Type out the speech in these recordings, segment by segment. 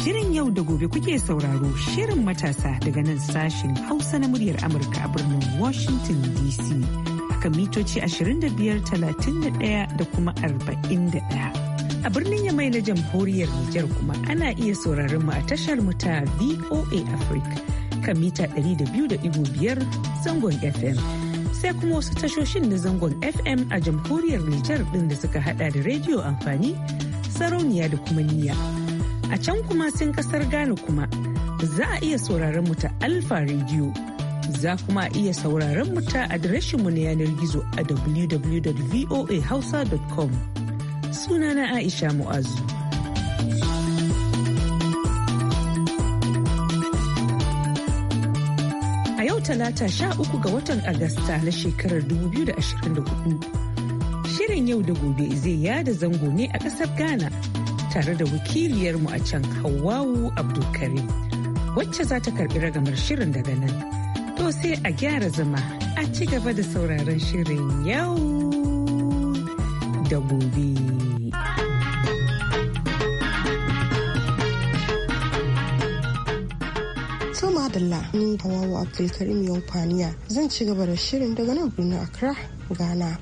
Shirin yau da gobe kuke sauraro Shirin matasa daga nan sashen Hausa na muryar Amurka a birnin Washington DC. kan mitoci 25, 31 da kuma 41. a birnin yamai na jamhuriyar Nijar kuma ana iya sauraron mu a tashar mu ta VOA Africa kan mita 200.5 zangon FM. Sai kuma wasu tashoshin na zangon FM a jamhuriyar Nijar din da suka hada da rediyo amfani, sarauniya da kuma niyya. A can kuma sun kasar Ghana kuma za a iya sauraron mu ta Alfa Radio. Za kuma iya sauraron mu ta adireshinmu na yanar gizo a www.voahausa.com. na Aisha Mu'azu. A yau talata sha uku ga watan Agasta na shekarar 2024. Shirin yau da gobe zai yada zango ne a ƙasar Ghana. tare da wakiliyarmu a can Hawwawu Abdulkarim wacce za ta karbi ragamar shirin daga nan. To sai a gyara zama a ci gaba da sauraron shirin yau da gobe. Adalla ni Hawawu Abdulkarim Yankwaniya zan ci gaba da shirin daga nan birnin Accra, Ghana.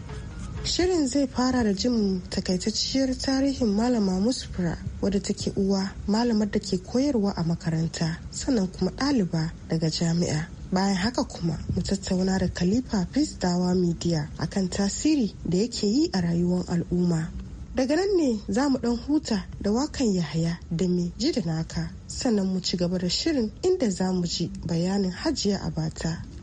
Shirin zai fara da jin takaitacciyar tarihin Malama Musfura wadda take uwa malamar da ke koyarwa a makaranta sannan kuma ɗaliba daga jami'a. bayan haka kuma mu tattauna da kalifa peace dawa media akan tasiri da yake yi a rayuwar al'umma daga nan ne za mu ɗan huta da wakan yahaya da me ji da naka sannan mu ci gaba da shirin inda za mu ji bayanin hajiya abata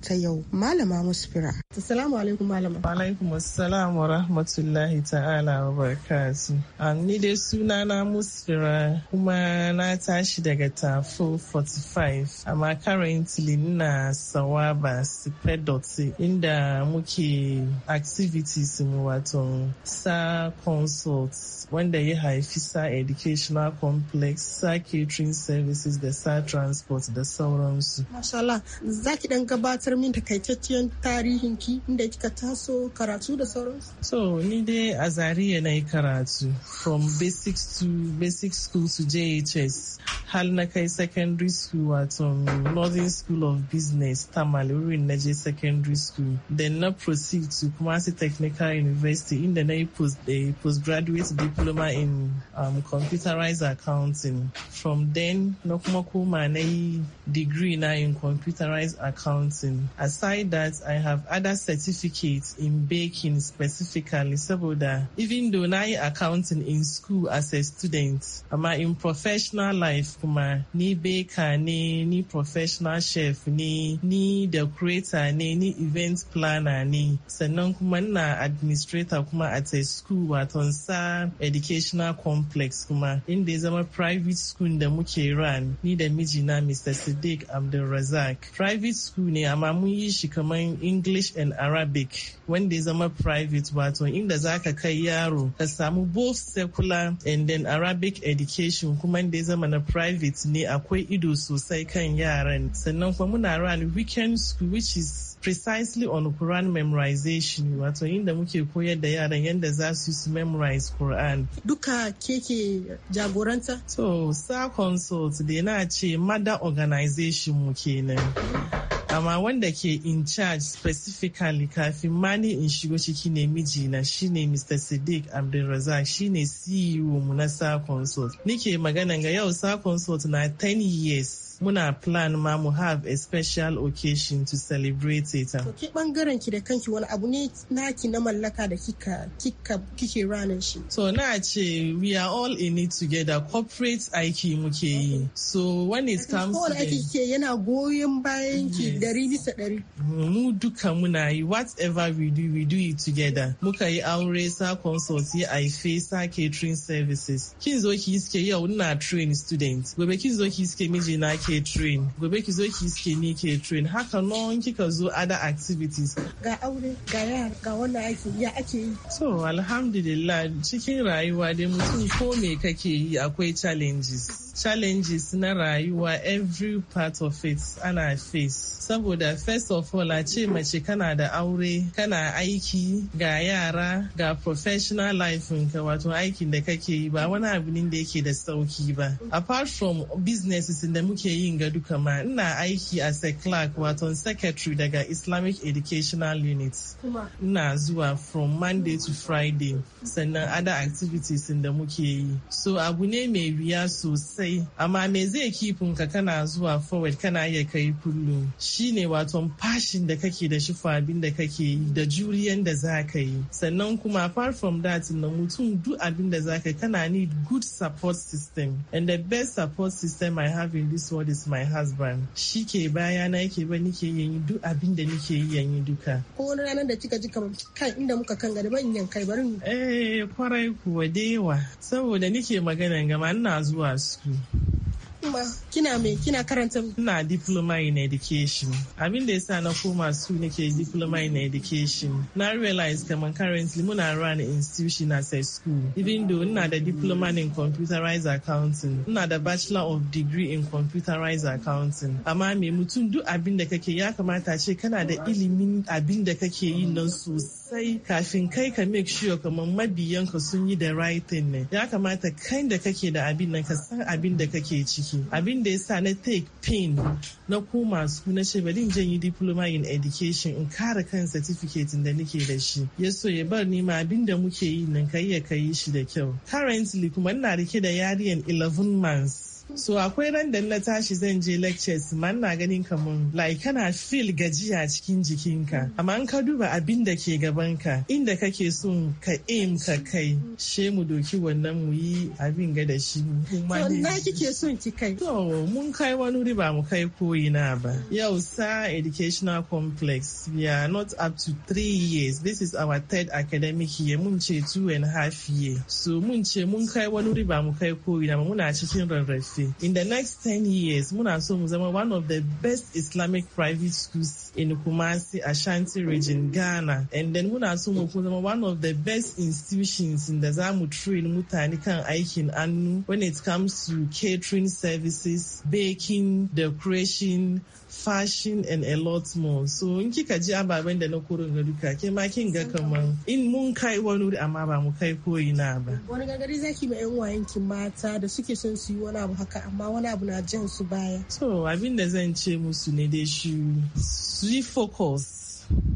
ta yau malama musfira assalamu alaikum malama Wa alaikum assalam wa rahmatullahi ta'ala wa barakatu ni dai suna na musfira kuma na tashi daga tafo 45 amma currently na sawaba sipedoti inda muke activities mu wato sa consults wanda ya haifi sa educational complex sa catering services da sa transport da sauransu. Allah, za ki dan gabatar gabatar min tarihin ki inda kika taso karatu da sauransu? So ni dai a Zaria na yi karatu from basic to basic school to JHS har na kai secondary school wato Northern School of Business ta wurin na je secondary school. Then na proceed to Kumasi Technical University inda na yi post, a eh, postgraduate diploma in um, computerized accounting. From then na kuma koma na yi degree na in computerized accounting. Aside that, I have other certificates in baking specifically saboda even though na yi accounting in school as a student, amma in professional life kuma ni baker ne, ni professional chef ne, ni decorator ne, ni event planner ne, sannan kuma na administrator kuma at a school wato sa educational complex kuma inda zama private school da muke ran ni da mijina Mr. Sadiq Abdulrazak. Private school ne amma amma mun yi shi kamar english and arabic wanda ya zama private wato inda za ka kai yaro ka samu both secular and then arabic education kuma da ya zama na private ne akwai ido sosai kan yaran sannan kuma muna ran weekend school which is precisely on Quran memorization wato inda muke koyar da yaran yadda za su su memorize Quran. Duka keke jagoranta? So, Sir consult da na ce mother organization mu kenan. amma wanda ke in charge specifically kafin mani in shigo ciki ne mijina shine mr sadiq abdulrazak shine ceo mu na sa consult nike magana ga yau sa consult na 10 years muna plan ma mu have a special occasion to celebrate it. To ke bangaren ki da kanki wani abu ne naki na mallaka da kika kika kike ranar shi. To na ce we are all in it together corporate aiki muke yi. So when it comes to aiki yana goyon bayan ki dari bisa dari. Mu duka muna yi whatever we do we do it together. Muka yi aure sa consult yi aife sa catering services. Kin zo ki iske yau ina train student. Gobe kin zo ki iske miji na ki catering gobe ki zo ki skinny catering haka non kika zo other activities ga aure ga yara ga wannan aiki ya ake yi so alhamdulillah cikin rayuwa dai mutum ko me kake yi akwai challenges challenges na rayuwa every part of it ana face saboda first of all a ce mace kana da aure kana aiki ga yara ga professional life ka wato aikin da kake yi ba wani abu ne da yake da sauki ba apart from businesses da muke yin ga duka ma ina aiki as a clerk wato secretary daga islamic educational unit ina zuwa from monday to friday sannan other activities da muke yi so abu ne mai wuya sosai sosai amma me zai kifin ka kana zuwa forward kana iya kai kullu shine wato fashin da kake da shi abin da kake yi da juriyan da za ka yi sannan kuma far from that na mutum duk abin da za ka kana need good support system and the best support system I have in this world is my husband shi ke baya na yake ba nike yin duk abin da nike yi yanyi duka ko wani ranar da kika ji kan inda muka kan gari ban yan kai bari eh kwarai kuwa da yawa saboda nike magana gama ina zuwa su Mm-hmm. kina me kina karanta ina diploma in education abin da yasa na koma su nake diploma in education na realize kamar currently muna run institution as a school even though ina da diploma in computerized accounting ina da bachelor of degree in computerized accounting amma me mutum duk abin da kake ya kamata ce kana da ilimin abin da kake yi nan sosai kafin kai ka make sure kaman mabiyanka sun yi da writing ne ya kamata kai da kake da abin nan ka san abin da kake ciki su abin da ya sa na take pain na koma su na ce bari in yi diploma in education in kare kan certificate da nake da shi ya so ya bar ni ma abin da muke yi nan kai ya kai shi da kyau currently kuma ina rike da yariyan 11 months So akwai ran da na tashi zan je lectures man na ganin kamun like kana feel gajiya cikin jikinka. Amma an ka duba abin da ke gabanka inda kake so ka aim ka kai she mu doki wannan mu yi abin ga da shi. To na kike son ki kai. To mun kai wani riba mu kai koyi na ba. Yau sa educational complex we are not up to three years. This is our third academic year mun ce two and a half year. So mun ce mun kai wani riba mu kai koyi na muna cikin rarrafe. university. In the next 10 years, muna so one of the best Islamic private schools in Kumasi, Ashanti region, Ghana. And then muna so one of the best institutions in the zamu train mutane kan aikin Anu when it comes to catering services, baking, decoration, fashion and a lot more so in kika ji ababen da na koro na duka ke ma kin ga kaman in mun kai wani wuri amma ba mu kai koyi na ba wani gagari zaki ba yan wayan ki mata da suke son su yi wani abu haka amma wani abu na jan su baya so abin da zan ce musu ne dai shi su focus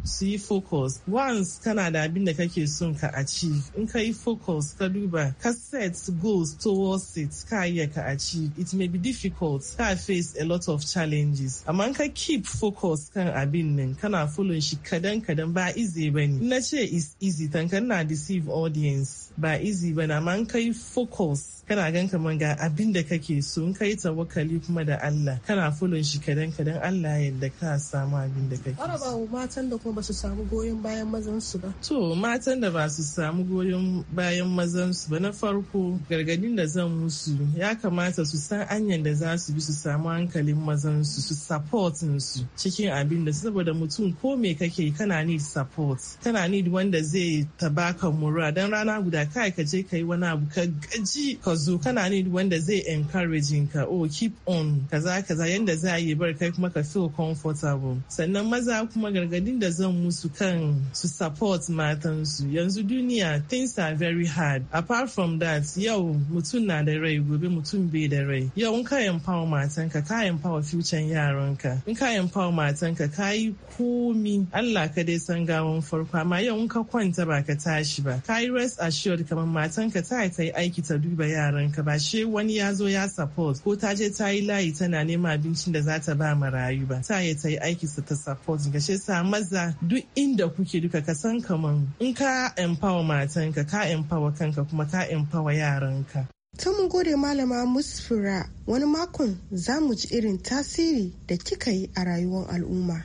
su yi focus once kana da abin da kake son ka achieve in ka yi focus ka duba ka set goals towards it ka iya ka achieve it may be difficult ka face a lot of challenges amma ka keep focus kan abin nan kana follow shi kadan kadan ba easy bane na ce is easy tankan na deceive audience ba izi ba na man kai focus kana gan kaman ga abin da kake so in kai tawakkali kuma da Allah kana fulun shi kadan kadan Allah yadda ka samu abin da kake so matan da kuma ba su samu goyon bayan mazan su ba to matan da ba su samu goyon bayan mazan su ba na farko gargadin da zan musu ya kamata su san anyan da za su bi su samu hankalin mazan su su support su cikin abin da saboda mutum ko me kake kana need support kana need wanda zai tabaka mura dan rana guda da kai ka je ka yi wani abu ka gaji ka zo kana ne wanda zai encouraging ka oh keep on kaza kaza yanda za a yi bar kai kuma ka feel comfortable sannan maza kuma gargadin da zan musu kan su support matansu yanzu duniya things are very hard apart from that yau mutum na da rai gobe mutum bai da rai yau in ka empower matanka ka empower future yaranka in ka empower matanka ka yi komi Allah ka dai san gawan farko amma yau in ka kwanta ba ka tashi ba ka yi rest assured period kamar matanka ta ta yi aiki ta duba yaran ka ba she wani ya zo ya support ko ta je ta yi layi tana neman abincin da za ta ba marayu ba ta yi ta yi aiki su ta support ga she sa maza duk inda kuke duka ka san kaman in ka empower matanka ka empower kanka kuma ka empower yaranka ta mun gode malama musfira wani makon za mu ji irin tasiri da kika yi a rayuwar al'umma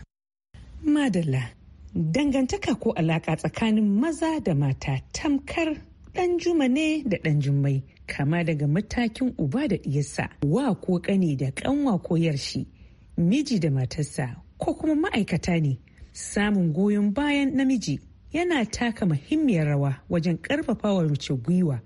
madalla dangantaka ko alaka tsakanin maza da mata tamkar ɗan juma ne da ɗan jummai kama daga matakin uba da ɗiyarsa wa ko ƙani da ƙanwa ko yarshi miji da matarsa ko kuma ma'aikata ne samun goyon bayan namiji yana taka muhimmiyar rawa wajen ƙarfafawa mace gwiwa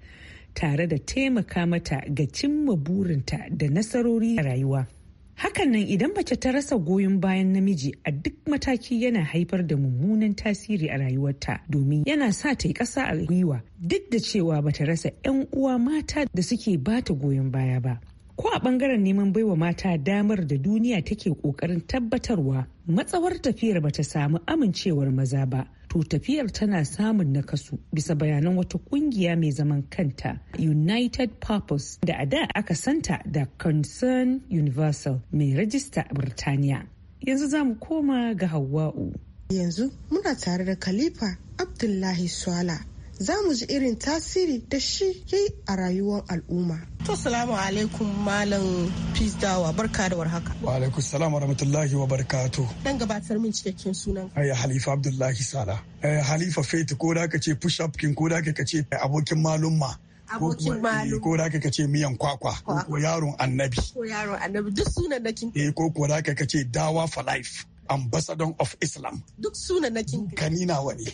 tare da taimaka mata ga cimma burinta da nasarori a rayuwa. hakan nan idan mace ta rasa goyon bayan namiji a duk mataki yana haifar da mummunan tasiri a rayuwarta domin yana sa ta yi ƙasa a gwiwa duk da cewa bata rasa 'yan uwa mata da suke bata goyon baya ba. Ko a bangaren neman baiwa mata damar da duniya take ƙoƙarin tabbatarwa matsawar tafiyar bata samu amincewar maza ba. to tafiyar tana samun nakasu bisa bayanan wata kungiya mai zaman kanta united purpose da a da aka santa da concern universal mai rajista a birtaniya yanzu za mu koma ga hawa'u yanzu muna tare da khalifa abdullahi swala za mu ji irin tasiri da shi ya yi a rayuwar al'umma. To salamu alaikum malam Peace dawa, barka da warhaka. Wa alaikum salam wa rahmatullahi wa to. Dan gabatar min cikakken sunan. Aya Halifa Abdullahi Sala. Eh, Halifa Faith ko da ka ce push up kin ko da ka ce abokin malumma. abokin eh, malum. ko da ka ce miyan kwakwa ko yaron annabi ko yaron annabi duk sunan da kin eh ko ko da ka ce dawa for life ambassador of islam duk suna na kin na wani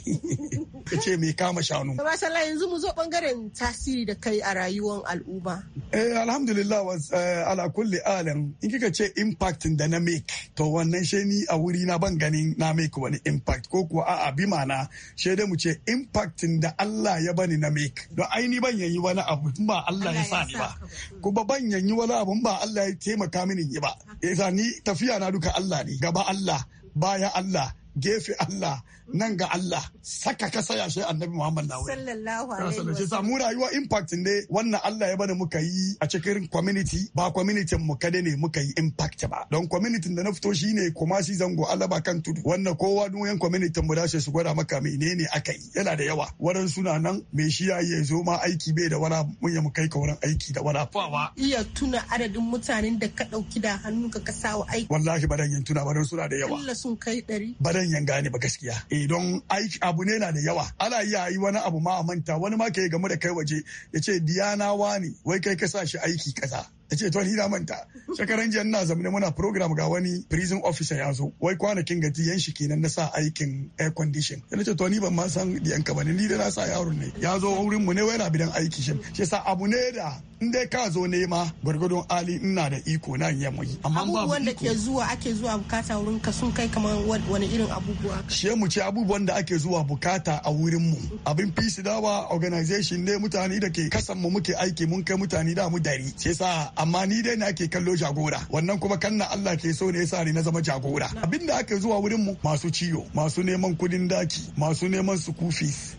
ka ce mai kama shanu ba sallah yanzu mu zo bangaren tasiri da kai a rayuwar al'umma eh alhamdulillah was eh, ala kulli alam in kika ce impact da na make to wannan she ni a wuri na ban ganin na make wani impact ko kuwa a'a bi mana she da mu ce impact da Allah ya bani na make don ai ni ban yayi wani abu ba Allah ya sa ni ba hmm. kuma ban yayi wani abu ba Allah ya taimaka mini ba yasa ni tafiya na duka Allah ne gaba Allah baya Allah gefe Allah nan ga Allah saka ka saya shi annabi Muhammad na wuri sallallahu alaihi wasallam samu rayuwa impact ne wannan Allah ya bani muka yi a cikin community ba community mu kada ne muka yi impact ba don community da na fito shine kuma shi zango Allah ba kan tudu wannan kowa dunyan community mu dashi su gwada maka menene aka yi yana da yawa waran suna nan me shi ya yi zo ma aiki bai da wala mun ya mu kai ka wurin aiki da wala fawa iya tuna adadin mutanen da ka dauki da hannu ka kasawa aiki wallahi Badan yin tuna baran suna da yawa Allah sun kai 100 manyan gane ba gaskiya eh don aiki abu ne na da yawa ana iya yi wani abu ma a manta wani ma ke yi game da kai waje ya ce diyana wani wai kai ka sa shi aiki kaza na ce to ni na manta shekaran jiya ina zamani muna program ga wani prison officer ya zo wai kwanakin gaji yan shi kenan na sa aikin air condition na ce to ni ban ma san diyan ka bane ni da na sa yaron ne ya zo wurin mu ne wai na bidan aiki shi shi sa abu ne da in dai ka zo ne ma. gwargwadon ali ina da iko na ya mai amma abubuwan da ke zuwa ake zuwa bukata wurin ka sun kai kamar wani irin abubuwa shi mu ce abubuwan da ake zuwa bukata a wurin mu abin peace dawa organization ne mutane da ke kasan mu muke aiki mun kai mutane da mu dari sai sa amma ni dai na ke kallo jagora wannan kuma kanna Allah ke so ne yasa ni na zama jagora abinda aka zuwa wurin mu masu ciwo masu neman kudin daki masu neman su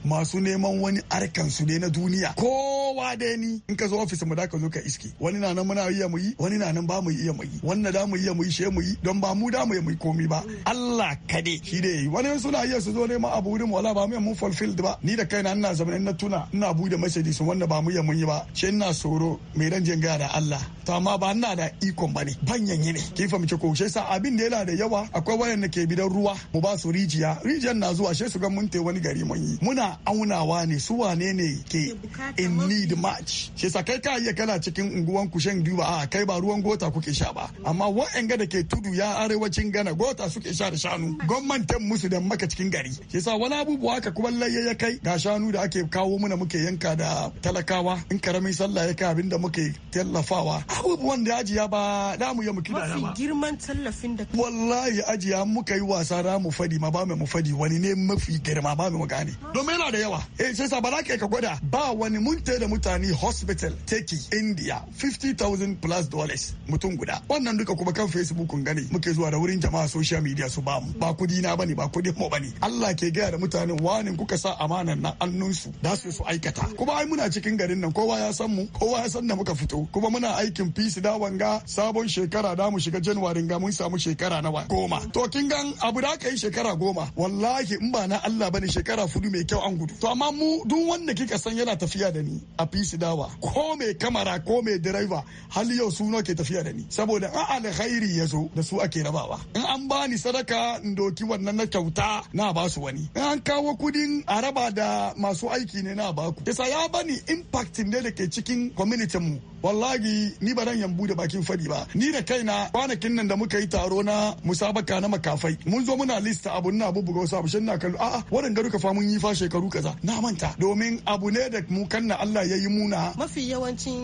masu neman wani arkan su ne na duniya kowa dai ni in ka zo ofis mu da ka zo ka iske wani na nan muna iya mu yi wani na nan ba mu iya mu yi wannan da mu iya mu yi she mu yi don ba mu da mu mu yi komi ba mm. Allah kade shi dai wani suna iya su zo neman abu wurin wala ba mu mu fulfilled ba ni da kaina ina zama na tuna ina bude message sun wanda ba mu iya mun yi ba she ina soro mai ran jin da Allah to amma ba na da ikon bane banyan ne ki fahimci ko shi yasa abin da yana da yawa akwai wayanda ke bidan ruwa mu ba su rijiya Rijiyan na zuwa shi su ga mun tai wani gari mun yi muna aunawa ne su wane ne ke in need match shi yasa kai ka iya kana cikin unguwan kushen duba a kai ba ruwan gota kuke sha ba amma ga da ke tudu ya arewacin gana gota suke sha da shanu gwamnatin musu da maka cikin gari shi yasa wani abubuwa ka kuma laye ya kai ga shanu da ake kawo muna muke yanka da talakawa in karamin sallah ya kai abin da muke tallafawa abubuwan da ajiya ba da mu ya mu nama. Mafi girman tallafin da wallahi ajiya muka yi wasa da mu fadi ma ba mu fadi wani ne mafi girma ba mu gane domin yana da yawa eh sai sa ba za ka gwada ba wani mun da mutane hospital take india 50000 plus dollars mutum guda wannan duka kuma kan facebook kun gani muke zuwa da wurin jama'a social media su ba mu ba kudi na bane ba kudin mu bane Allah ke gaya da mutanen wani kuka sa amanan na annunsu da su su aikata kuma ai muna cikin garin nan kowa ya san mu kowa ya san da muka fito kuma muna aikin fisi da wanga sabon shekara da mu shiga januwarin ga mun samu shekara na goma to kin gan abu da aka yi shekara goma wallahi in ba na Allah bane shekara fudu mai kyau an gudu to amma mu duk wanda kika san yana tafiya da ni a fisi dawa ko mai kamara ko mai direba hali yau su ke tafiya da ni saboda a alkhairi khairi yazo da su ake rabawa in an bani sadaka in doki wannan na kyauta na ba su wani in an kawo kudin a raba da masu aiki ne na baku yasa ya bani ne da ke cikin community mu wallahi ni ba yan bude bakin fadi ba ni da kaina kwanakin nan da muka yi taro na musabaka na makafai mun zo muna lista abun na abu buga wasu abu shin na kallo a'a wannan garuka fa mun yi fa shekaru kaza na manta domin abu ne da mu kanna Allah ya yi muna mafi yawancin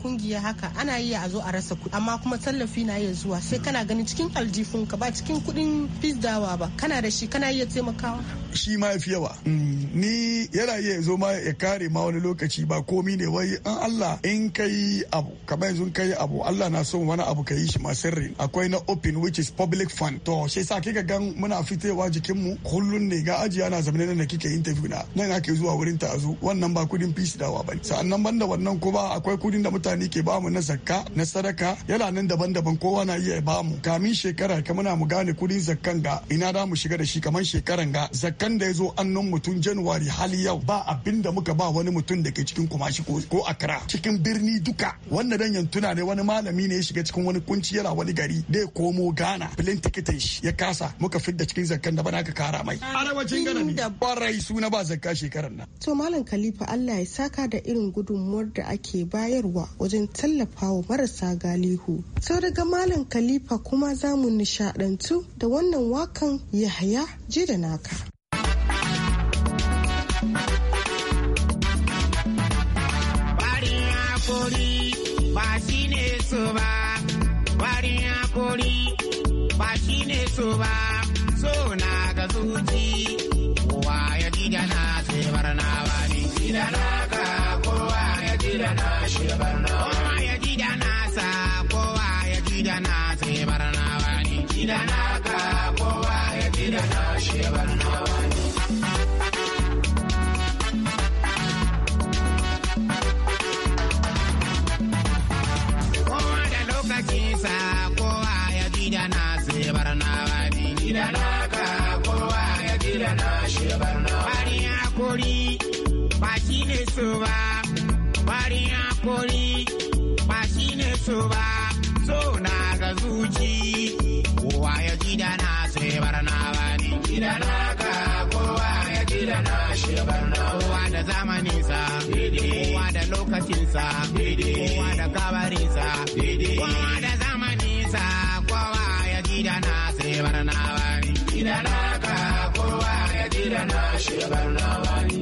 kungiya haka ana yi a zo a rasa kuɗi amma kuma tallafi na iya zuwa sai kana gani cikin aljifun ka ba cikin kuɗin pizdawa ba kana da shi kana iya taimakawa shi ma fi yawa mm, ni yana iya zo ma ya kare ma wani lokaci ba komi ne wai an Allah in kai abu kamar yanzu yi abu Allah na son wani abu ka yi shi ma sirri akwai na open which is public fund to shi yasa kika gan muna fitewa jikin mu kullun ne ga ajiya na zamanin nan da kike interview na nan ake zuwa wurin ta azu wannan ba kudin fishi dawa ba sa'annan banda wannan kuma akwai kudin da mutane ke bamu na zakka na sadaka yana nan daban-daban kowa na iya bamu kamin shekara ka muna mu gane kudin zakkan ga ina da mu shiga da shi kamar shekaran ga zakkan da ya zo annon mutum januwari hali yau ba abin da muka ba wani mutum da ke cikin kumashi ko akra cikin birni duka wannan dan wannan tuna ne wani malami ne ya shiga cikin wani kunci yana wani gari da ya komo gana filin tikitin shi ya kasa muka fidda cikin zakkan da bana ka kara mai arabacin gana ne barai suna ba zakka shekarar nan to malam Khalifa Allah ya saka da irin gudunmuwar da ake bayarwa wajen tallafawa marasa galihu sau daga malam Khalifa kuma zamu mu nishadantu da wannan wakan Yahaya je da naka Body. ba shi ne so ba warin hakori ba shi ne so ba so na ga zuci kowa ya ji da na sai na ba ni ji da na da zamaninsa kowa da lokacinsa kowa da kabarinsa kowa da zamaninsa kowa ya ji da na sai barna wani gida naka kowa ya ji da na shi barna wani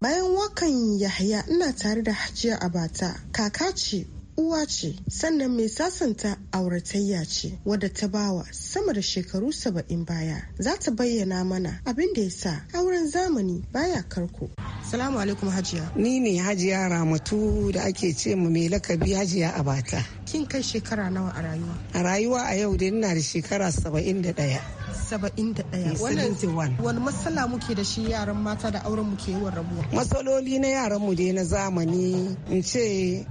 bayan wakan yahya ina tare da hajiya abata kaka ce uwa ce sannan mai sasanta auratayya ce wadda ta bawa sama da shekaru saba'in baya za ta bayyana mana abin da ya sa auren zamani baya karko salamu alaikum hajiya ni ne hajiya ramatu da ake ce mu mai lakabi hajiya bata kin kai shekara nawa a rayuwa a rayuwa a yau dai ina da shekara saba'in da ɗaya saba'in da ɗaya wannan wani matsala muke da shi yaran mata da auren muke yawan rabuwa matsaloli na yaran mu dai na zamani in ce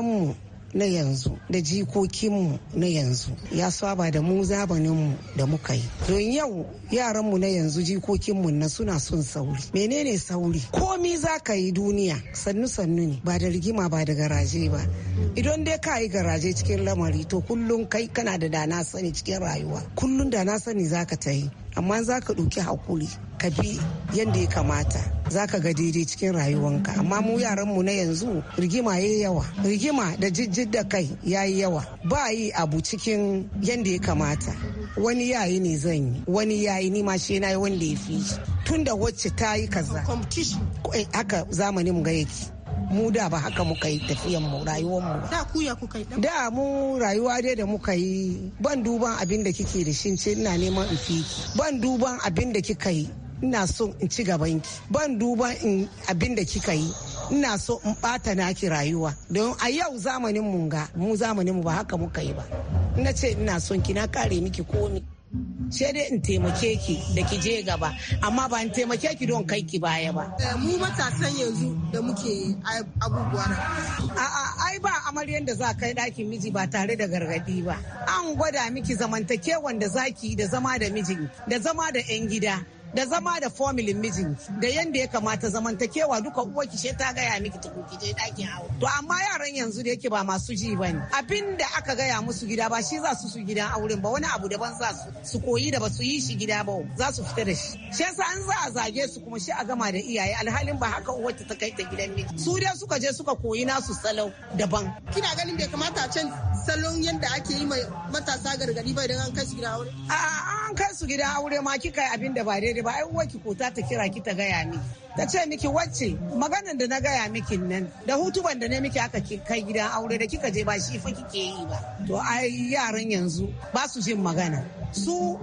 mu na yanzu da jikokinmu na yanzu ya saba da mu zabaninmu da muka yi don yau yaranmu na yanzu jikokinmu na suna son sauri menene sauri komi za ka yi duniya sannu sannu ne ba da rigima ba da garaje ba idan dai ka yi garaje cikin lamari to kullum kai kana da dana sani cikin rayuwa kullum dana sani za ka ta yi amma za ka ɗauki hakuri ka bi yadda ya kamata za ka ga daidai cikin rayuwanka amma mu yaran mu na yanzu rigima ya yi yawa rigima da jijjid da kai ya yi yawa ba yi abu cikin yadda ya kamata wani yayi ne zan yi wani yayi ni ma shi na yi wanda ya fi tun da wacce ta yi kaza eh, haka zamanin ga yake mu da ba haka muka yi tafiyan mu rayuwar mu da da mu rayuwa dai da muka yi ban duban abin da kike da shi ce ina neman in fi ban duban abin da kika yi ina so in ci gaban ki ban duba in abin da kika yi ina so in bata naki rayuwa don a yau zamanin mun ga mu zamanin mu ba haka muka yi ba ina ce ina son ki na kare miki komi sai dai in taimake ki da ki je gaba amma ba in taimake ki don kai ki baya ba eh, mu matasan yanzu da muke abubuwa a'a ai ba amaryan da za kai ɗakin miji ba tare da gargadi ba an gwada miki zamantakewan da zaki da zama da mijin da zama da yan gida da zama da family mijin da yadda ya kamata zamantakewa duka uwa ki ta gaya miki ta ki je daki hawo to amma yaran yanzu da yake ba masu ji bane abin da aka gaya musu gida ba shi za su su gidan auren ba wani abu daban za su su koyi da ba su yi shi gida ba za su fita da shi shi yasa an za a zage su kuma shi a gama da iyaye alhalin ba haka uwar ta kai ta gidan miji su dai suka je suka koyi nasu salau daban kina ganin bai kamata a can salon yadda ake yi mai matasa gargadi ba idan an kai su gidan aure a an kai su gidan aure ma kika yi abin da ba daidai ba ai ki kota ta kira ki ta gaya miki ta ce miki wacce maganan da na gaya miki nan da hutuban da ne miki aka kai gidan aure da kika je ba shi fa kike yi ba to ai yaran yanzu ba su jin magana su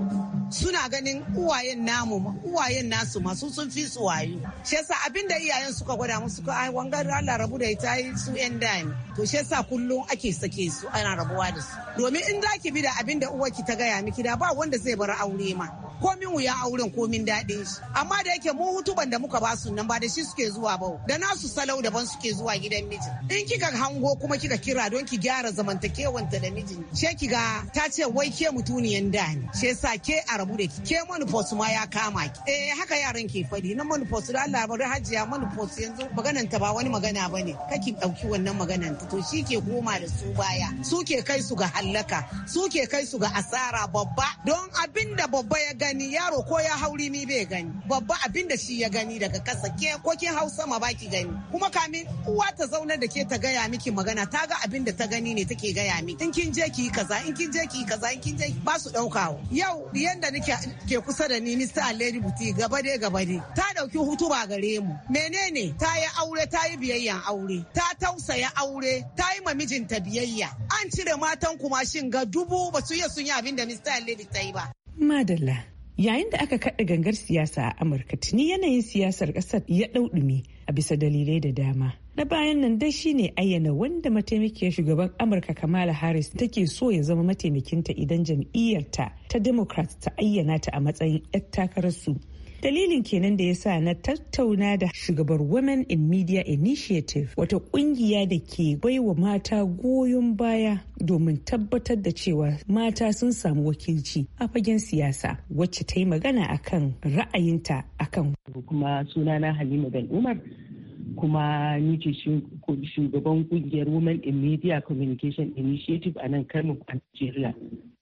suna ganin uwayen namu uwayen nasu masu sun fi su wayo shi yasa abin da iyayen suka gwada musu ka ai wangar Allah rabu da ita su yan da ne to shi yasa kullum ake sake su ana rabuwa da su domin in zaki bi da abin da uwarki ta gaya miki da ba wanda zai bar aure ma komin wuya auren komin daɗin shi amma da yake mu hutuban da muka ba su nan ba da shi suke zuwa ba da nasu salau daban suke zuwa gidan miji in kika hango kuma kika kira don ki gyara zamantakewanta da mijin she ga ta ce wai ke mutuniyan da ne she sa ke a rabu da ki ke manufos ma ya kama ki eh haka yaran ke faɗi na manufos da Allah bari hajiya manufos yanzu maganan ta ba wani magana bane kaki ɗauki wannan maganan ta to shi ke goma da su baya su ke kai su ga hallaka su ke kai su ga asara babba don abin da babba ya gani gani yaro ko ya hauri ni bai gani babba abin da shi ya gani daga kasa ke ko kin hau sama baki gani kuma kamin uwa ta zauna da ke ta gaya miki magana ta ga abin da ta gani ne take gaya miki in kin je ki kaza in kin je ki kaza in kin je ba su daukawa yau yanda nake ke kusa da ni Mr. Alheri Buti gaba dai gaba dai ta dauki hutu ba gare mu menene ta yi aure ta yi biyayyan aure ta tausaya aure ta yi ma mijinta biyayya an cire matan kumashin ga dubu ba su iya sun yi abin da Mr. Alheri ta yi ba madalla Yayin da aka kaɗa gangar siyasa a Amurka tuni yanayin siyasar ƙasar ya ɗau a bisa dalilai da dama. Na bayan nan dai shine ayyana wanda mataimakiyar shugaban Amurka Kamala Harris take so ya zama mataimakinta idan jam'iyyarta ta Democrat ta ayyana ta a matsayin 'yar takararsu Dalilin kenan da ya sa na tattauna da shugabar Women in Media Initiative wata kungiya da ke baiwa mata goyon baya domin tabbatar da cewa mata sun samu wakilci a fagen siyasa wacce ta yi magana akan ra'ayinta akan. Kuma sunana Halima Ben Umar kuma ni ce shugaban kungiyar Women in Media Communication Initiative a nan Kano a Nigeria.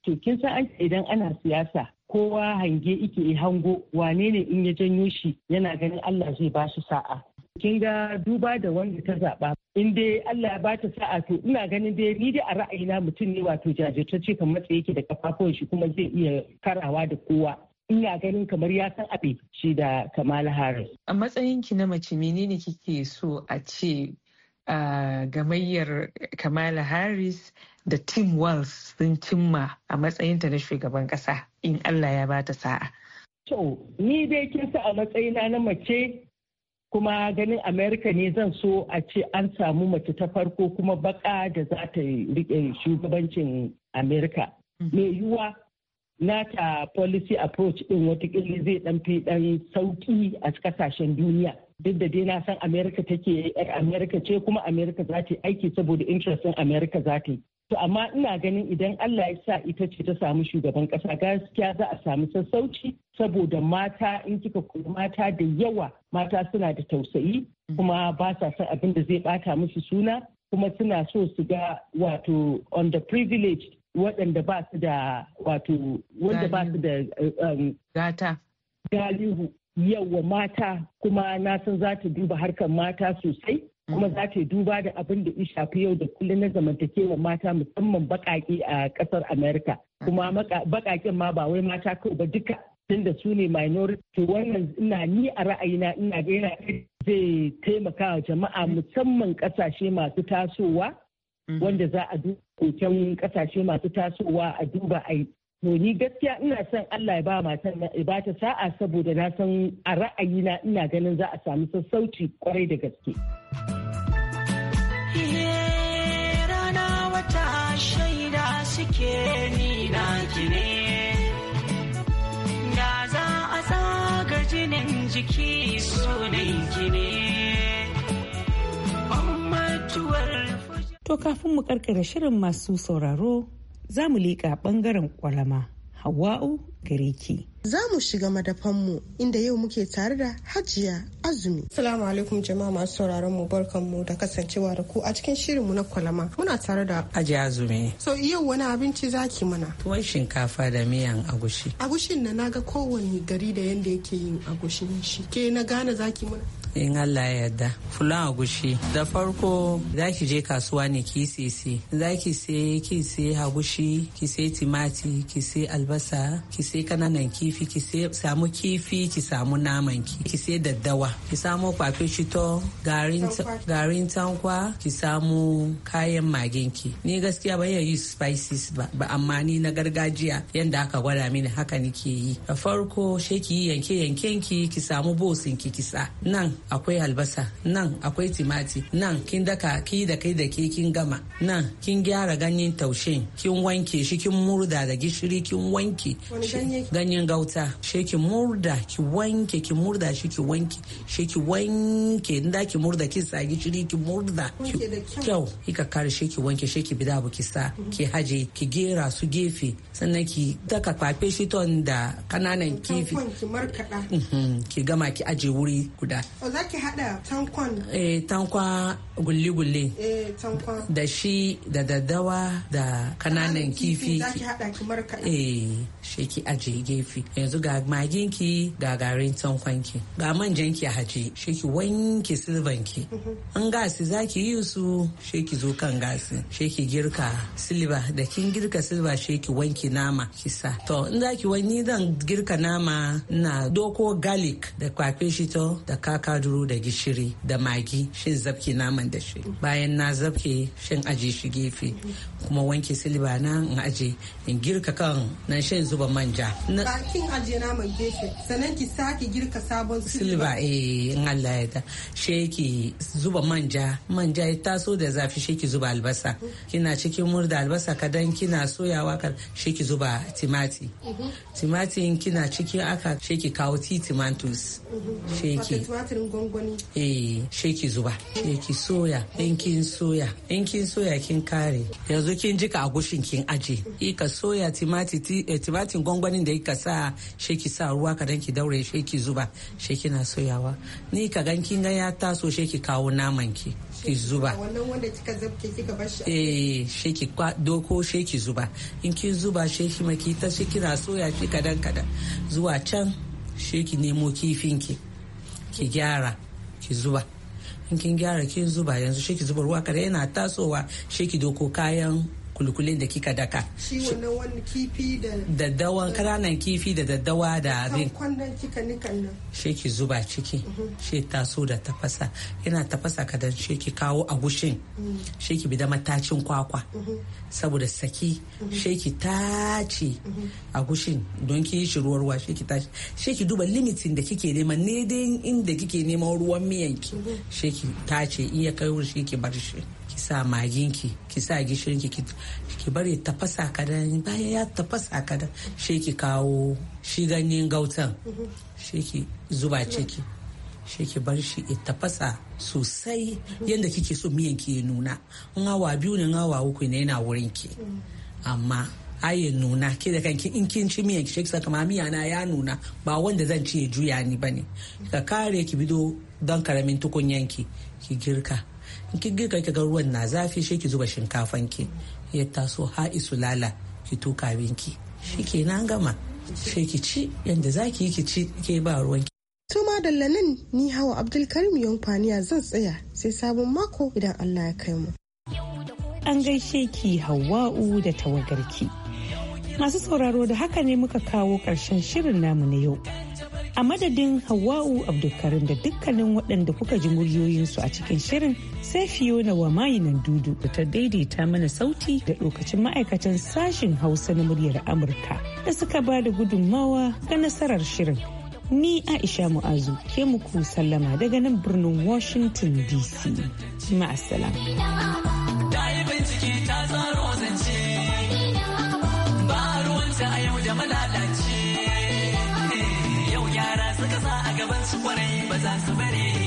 to kin san idan ana siyasa kowa hange ike hango wane ne in ya janyo shi yana ganin Allah zai ba shi sa'a kin ga duba da wanda ta zaba in dai Allah ya ba ta sa'a to ina ganin dai ni dai a ra'ayina mutum ne wato jajirtacce kan matsayi yake da kafafuwan shi kuma zai iya karawa da kowa ina ganin kamar ya san abe shi da Kamal Harris a matsayin ki na mace menene kike so a ce uh, gamayyar kamala harris da tim wells sun cimma a matsayinta na shugaban kasa in allah ya bata sa'a to ni dai kin sa a matsayina na mace kuma ganin amerika ne zan so a ce an samu mace ta farko kuma baka da za ta riƙe shugabancin amerika mm-hmm. Me yiwuwa nata policy approach wata watakila zai ɗan fi ɗan sauki a kasashen duniya duk da dai na san america take yar america ce kuma america za ta yi aiki saboda interest din america za ta yi to amma ina ganin idan allah ya sa ita ce ta samu shugaban kasa gaskiya za a samu sassauci saboda mata in kika kuma mata da yawa mata suna da tausayi kuma ba sa san abin da zai bata musu suna kuma suna so su ga wato on the privileged waɗanda ba su da wato wanda ba su da um, gata galihu yawa mata kuma na san za ta duba harkar mata sosai kuma za ta duba da abin da ya shafi yau da kullum na zamantakewa mata musamman baƙaƙe a ƙasar amerika kuma baƙaƙen ma ba wai mata kawai ba duka tunda su ne minority wannan ina ni a ra'ayina ina ga yana zai taimaka wa jama'a musamman ƙasashe masu tasowa mm-hmm. wanda za a duba koken kasashe masu tasowa a duba a to ni gaskiya ina son Allah ya ba matan na ba ta sa'a saboda na san a ra'ayina ina ganin za a samu sassauci kwarai da gaske. rana wata shaida suke ni na ne da za a zaga jinin jiki sunan To kafin mu karkare shirin masu sauraro za mu leƙa ɓangaren kwalama. Hawa'u gare ki. Za mu shiga madafanmu inda yau muke tare da Hajiya Azumi. Salamu alaikum jama'a masu sauraron mu barkan mu da kasancewa da ku a cikin shirin mu na kwalama. Muna tare da Hajiya Azumi. So yau wani abinci zaki mana? Tuwon shinkafa da miyan agushi. Agushin na naga kowane gari da yanda yake yin agushin shi. Ke na gane zaki mana? in Allah ya yarda fulan agushi da farko za ki je kasuwa ne ki sisi za ki sai ki sai agushi ki sai timati ki sai albasa ki sai kananan kifi ki sai samu kifi ki samu naman ki ki sai daddawa ki samu kwafe shito garin tankwa ki samu kayan magen ki ni gaskiya ban yi spices ba ba amma ni na gargajiya yanda aka gwada mini haka nike yi da farko sheki ki yanke yanken ki ki samu bosin ki kisa nan akwai albasa nan akwai timati nan kin daka ki da kai da ke kin gama nan kin gyara ganyen taushe kin wanke shi kin murda da gishiri kin wanke ganyen gauta she ki murda ki wanke ki murda shi ki wanke she ki wanke inda ki murda ki sa gishiri ki murda kyau ika kare she ki wanke she ki bida buki sa mhm. ki haje ki gera su gefe sannan ki daka kwafe shi ton da kananan kifi mhm. ki gama ki aje wuri guda zaki hada tankon eh tankwa gulli gulli eh tankwa da shi da daddawa da kananan kifi zaki hada ki marka eh shi ki aje gefe yanzu ga magin ki ga garin tankwan ki ga manjan ki haje shi ki wanke silvan ki an mhm. gasi zaki yi su shi ki zo kan gasi shi ki girka silva da kin girka silva shi ki wanke nama ki sa to in zaki ki wani zan girka nama na doko garlic da kwafe shi to da kakadu gishiro da gishiri da magi shin zabke naman da shi bayan na zabke shin aje shi gefe kuma wanke silba na in aje in girka kan nan shin zuba manja kin aje naman gefe sannan ki sake girka sabon silba eh in Allah ya ta sheki zuba manja manja ya taso da zafi sheki zuba albasa kina cikin murda albasa kadan kina soyawa kar sheki zuba timati mhm. timati kina cikin aka sheki kawo ti tomatoes sheki gwangwani eh sheki zuba sheki soya in kin soya in soya kin kare yanzu kin jika agushin kin aje i ka soya eh, timatin gwangwanin da ka sa sheki sa ruwa kadan ki daure sheki zuba sheki na soyawa ni ka gan kin ya taso sheki kawo naman ki ki zuba wannan wanda kika zabke kika bashi eh sheki kwa doko sheki zuba in kin zuba sheki makita maki ta kina soya shi kadan kadan zuwa can sheki nemo kifin ki ki gyara ki zuba in kin gyara kin zuba yanzu shi ki zuba ruwa kada yana tasowa shi ki doko kayan kulkulin da kika daka shi wannan wani kifi da daddawa kananan kifi da daddawa da abin kwandon kika nikan nan shi ki zuba ciki mhm. shi taso da tafasa yana tafasa kadan shi ki kawo agushin mhm. shi ki bi da matacin kwakwa mhm. saboda saki shi ki tace agushin don ki yi shi ruwa ruwa shi ki tashi shi ki duba limitin da kike nema ne dai inda kike neman ruwan miyanki shi ki tace iya kai shi ki bar shi ki sa magin ki ki sa gishirin ki ki bari tafasa kadan bayan ya tafasa kadan shi ki kawo shi ganyen gautan shi ki zuba ciki shi ki bar shi ya tafasa sosai yadda kike so miyan ki ya nuna in awa biyu ne in awa uku ne yana wurin ki amma ya nuna ke da kanki in kin ci miyan ki saka ma miya na ya nuna ba wanda zan ci ya juya ni bane ka kare ki bido don karamin tukunyanki ki girka ki girka ki ga ruwan na zafi shi ki zuba shinkafan ki ya taso ha lala ki tuka binki shi ke shikenan gama shi ki ci yanda zaki yi ki ci ke ba ruwan ki to da nan ni hawa abdulkarim yankwaniya zan tsaya sai sabon mako idan allah ya kai mu an gaishe ki hawa'u da tawagarki masu sauraro da haka ne muka kawo karshen shirin namu na yau a madadin hawa'u abdulkarim da dukkanin waɗanda kuka ji muryoyinsu a cikin shirin sai fiona wa mayinan dudu da ta daidaita mana sauti da lokacin ma'aikatan sashen hausa na muryar amurka da suka ba da gudunmawa ga nasarar shirin ni aisha mu'azu ke muku sallama daga nan birnin washington dc ma'asalam su but I'm su